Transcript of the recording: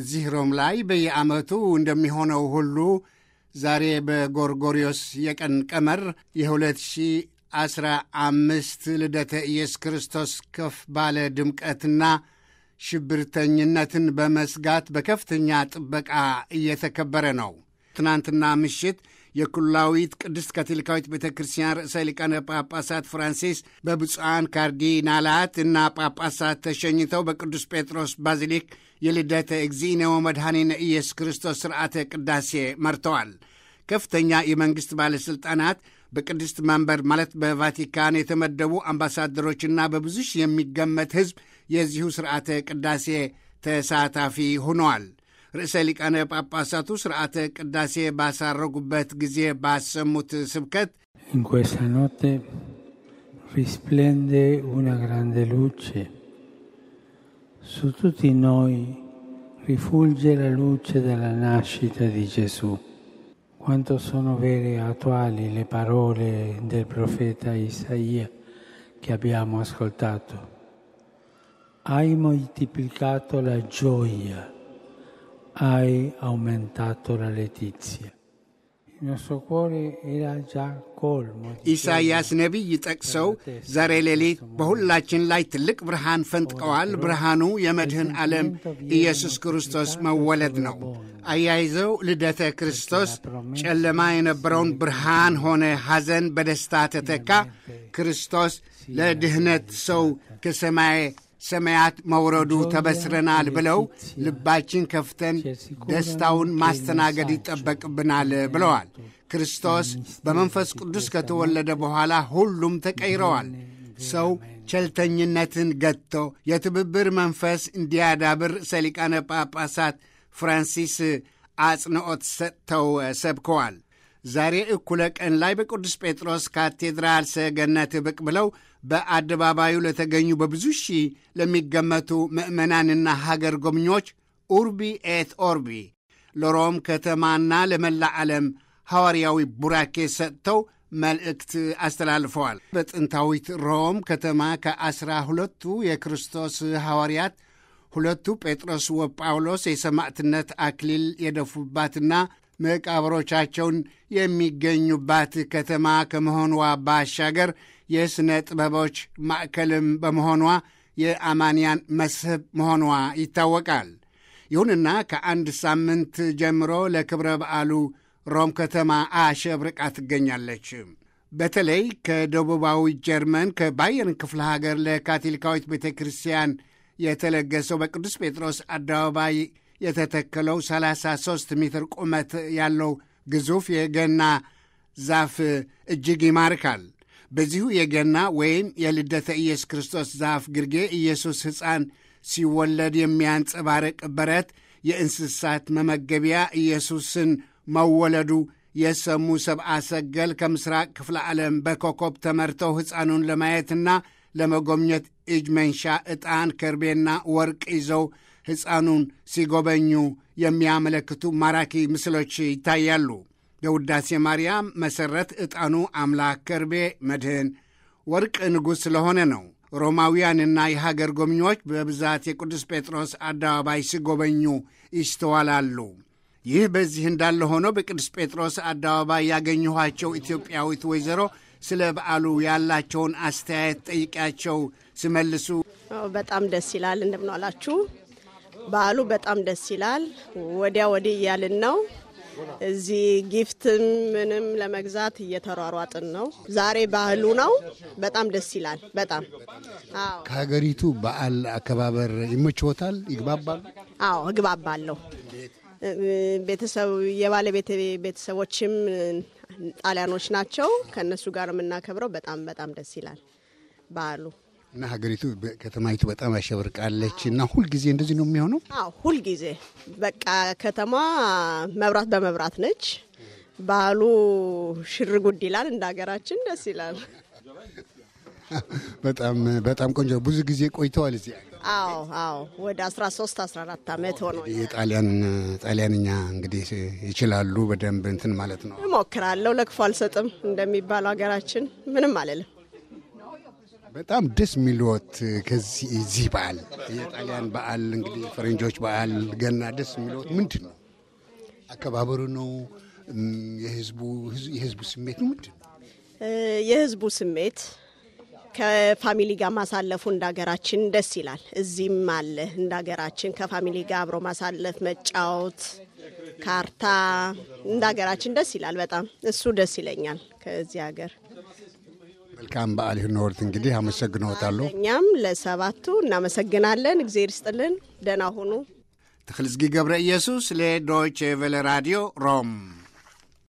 እዚህ ሮም ላይ በየዓመቱ እንደሚሆነው ሁሉ ዛሬ በጎርጎሪዮስ የቀን ቀመር የ2015 ልደተ ኢየሱስ ክርስቶስ ከፍ ባለ ድምቀትና ሽብርተኝነትን በመስጋት በከፍተኛ ጥበቃ እየተከበረ ነው። ትናንትና ምሽት የኩላዊት ቅድስት ካቶሊካዊት ቤተ ክርስቲያን ርዕሰ ሊቃነ ጳጳሳት ፍራንሲስ በብፁዓን ካርዲናላት እና ጳጳሳት ተሸኝተው በቅዱስ ጴጥሮስ ባዚሊክ የልደተ እግዚእነ መድኃኒነ ኢየሱስ ክርስቶስ ሥርዓተ ቅዳሴ መርተዋል። ከፍተኛ የመንግሥት ባለሥልጣናት በቅድስት መንበር ማለት በቫቲካን የተመደቡ አምባሳደሮችና በብዙ ሺህ የሚገመት ሕዝብ የዚሁ ሥርዓተ ቅዳሴ ተሳታፊ ሆነዋል። ርዕሰ ሊቃነ ጳጳሳቱ ስርዓተ ቅዳሴ ባሳረጉበት ጊዜ ባሰሙት ስብከት In questa notte risplende una grande luce. Su tutti noi rifulge la luce della nascita di Gesù. Quanto sono vere e attuali le parole del profeta Isaia che abbiamo ascoltato. Hai moltiplicato la gioia hai aumentato la letizia. ኢሳይያስ ነቢይ ጠቅሰው ዛሬ ሌሊት በሁላችን ላይ ትልቅ ብርሃን ፈንጥቀዋል። ብርሃኑ የመድህን ዓለም ኢየሱስ ክርስቶስ መወለድ ነው። አያይዘው ልደተ ክርስቶስ ጨለማ የነበረውን ብርሃን ሆነ፣ ሐዘን በደስታ ተተካ። ክርስቶስ ለድህነት ሰው ከሰማይ ሰማያት መውረዱ ተበስረናል ብለው ልባችን ከፍተን ደስታውን ማስተናገድ ይጠበቅብናል ብለዋል። ክርስቶስ በመንፈስ ቅዱስ ከተወለደ በኋላ ሁሉም ተቀይረዋል። ሰው ቸልተኝነትን ገጥቶ የትብብር መንፈስ እንዲያዳብር ሰሊቃነ ጳጳሳት ፍራንሲስ አጽንዖት ሰጥተው ሰብከዋል። ዛሬ እኩለ ቀን ላይ በቅዱስ ጴጥሮስ ካቴድራል ሰገነት ብቅ ብለው በአደባባዩ ለተገኙ በብዙ ሺህ ለሚገመቱ ምዕመናንና ሀገር ጎብኚዎች ኡርቢ ኤት ኦርቢ ለሮም ከተማና ለመላ ዓለም ሐዋርያዊ ቡራኬ ሰጥተው መልእክት አስተላልፈዋል። በጥንታዊት ሮም ከተማ ከአስራ ሁለቱ የክርስቶስ ሐዋርያት ሁለቱ ጴጥሮስ ወጳውሎስ የሰማዕትነት አክሊል የደፉባትና መቃብሮቻቸውን የሚገኙባት ከተማ ከመሆኗ ባሻገር የሥነ ጥበቦች ማዕከልም በመሆኗ የአማንያን መስህብ መሆኗ ይታወቃል። ይሁንና ከአንድ ሳምንት ጀምሮ ለክብረ በዓሉ ሮም ከተማ አሸብርቃ ትገኛለች። በተለይ ከደቡባዊ ጀርመን ከባየርን ክፍለ ሀገር ለካቶሊካዊት ቤተ ክርስቲያን የተለገሰው በቅዱስ ጴጥሮስ አደባባይ የተተከለው 33 ሜትር ቁመት ያለው ግዙፍ የገና ዛፍ እጅግ ይማርካል። በዚሁ የገና ወይም የልደተ ኢየሱስ ክርስቶስ ዛፍ ግርጌ ኢየሱስ ሕፃን ሲወለድ የሚያንጸባርቅ በረት፣ የእንስሳት መመገቢያ፣ ኢየሱስን መወለዱ የሰሙ ሰብአ ሰገል ከምስራቅ ክፍለ ዓለም በኮከብ ተመርተው ሕፃኑን ለማየትና ለመጎብኘት እጅ መንሻ ዕጣን፣ ከርቤና ወርቅ ይዘው ሕፃኑን ሲጎበኙ የሚያመለክቱ ማራኪ ምስሎች ይታያሉ። የውዳሴ ማርያም መሠረት ዕጣኑ አምላክ ከርቤ መድህን ወርቅ ንጉሥ ስለሆነ ነው። ሮማውያንና የሀገር ጎብኚዎች በብዛት የቅዱስ ጴጥሮስ አደባባይ ሲጎበኙ ይስተዋላሉ። ይህ በዚህ እንዳለ ሆኖ በቅዱስ ጴጥሮስ አደባባይ ያገኘኋቸው ኢትዮጵያዊት ወይዘሮ ስለ በዓሉ ያላቸውን አስተያየት ጠይቂያቸው ሲመልሱ በጣም ደስ ይላል። እንደምን በዓሉ በጣም ደስ ይላል። ወዲያ ወዲህ እያልን ነው። እዚህ ጊፍት ምንም ለመግዛት እየተሯሯጥን ነው። ዛሬ ባህሉ ነው። በጣም ደስ ይላል። በጣም ከሀገሪቱ በዓል አከባበር ይመችዎታል? ይግባባል? አዎ እግባባለሁ። ቤተሰብ የባለቤት ቤተሰቦችም ጣሊያኖች ናቸው። ከእነሱ ጋር የምናከብረው በጣም በጣም ደስ ይላል በዓሉ እና ሀገሪቱ ከተማይቱ በጣም አሸብርቃለች። እና ሁልጊዜ እንደዚህ ነው የሚሆነው? አዎ ሁልጊዜ በቃ ከተማ መብራት በመብራት ነች። ባህሉ ሽር ጉድ ይላል። እንደ ሀገራችን ደስ ይላል። በጣም በጣም ቆንጆ። ብዙ ጊዜ ቆይተዋል እዚህ? አዎ አዎ፣ ወደ 13 14 ዓመት ሆኖ ጣሊያንኛ እንግዲህ ይችላሉ በደንብ እንትን ማለት ነው። እሞክራለሁ፣ ለክፉ አልሰጥም እንደሚባለው ሀገራችን ምንም አልልም። በጣም ደስ የሚልዎት ከዚህ እዚህ በዓል የጣሊያን በዓል እንግዲህ ፈረንጆች በዓል ገና ደስ የሚልዎት ምንድን ነው? አከባበሩ ነው? የህዝቡ ስሜት ነው ምንድን ነው? የህዝቡ ስሜት ከፋሚሊ ጋር ማሳለፉ እንደ ሀገራችን ደስ ይላል። እዚህም አለ እንደ ሀገራችን ከፋሚሊ ጋር አብሮ ማሳለፍ፣ መጫወት፣ ካርታ እንደ ሀገራችን ደስ ይላል። በጣም እሱ ደስ ይለኛል ከዚህ ሀገር መልካም በዓል ይሁንዎት። እንግዲህ አመሰግንዎታለሁ። እኛም ለሰባቱ እናመሰግናለን። እግዜር ይስጥልን። ደህና ሁኑ። ተክልዝጊ ገብረ ኢየሱስ ለዶይቼ ቬለ ራዲዮ ሮም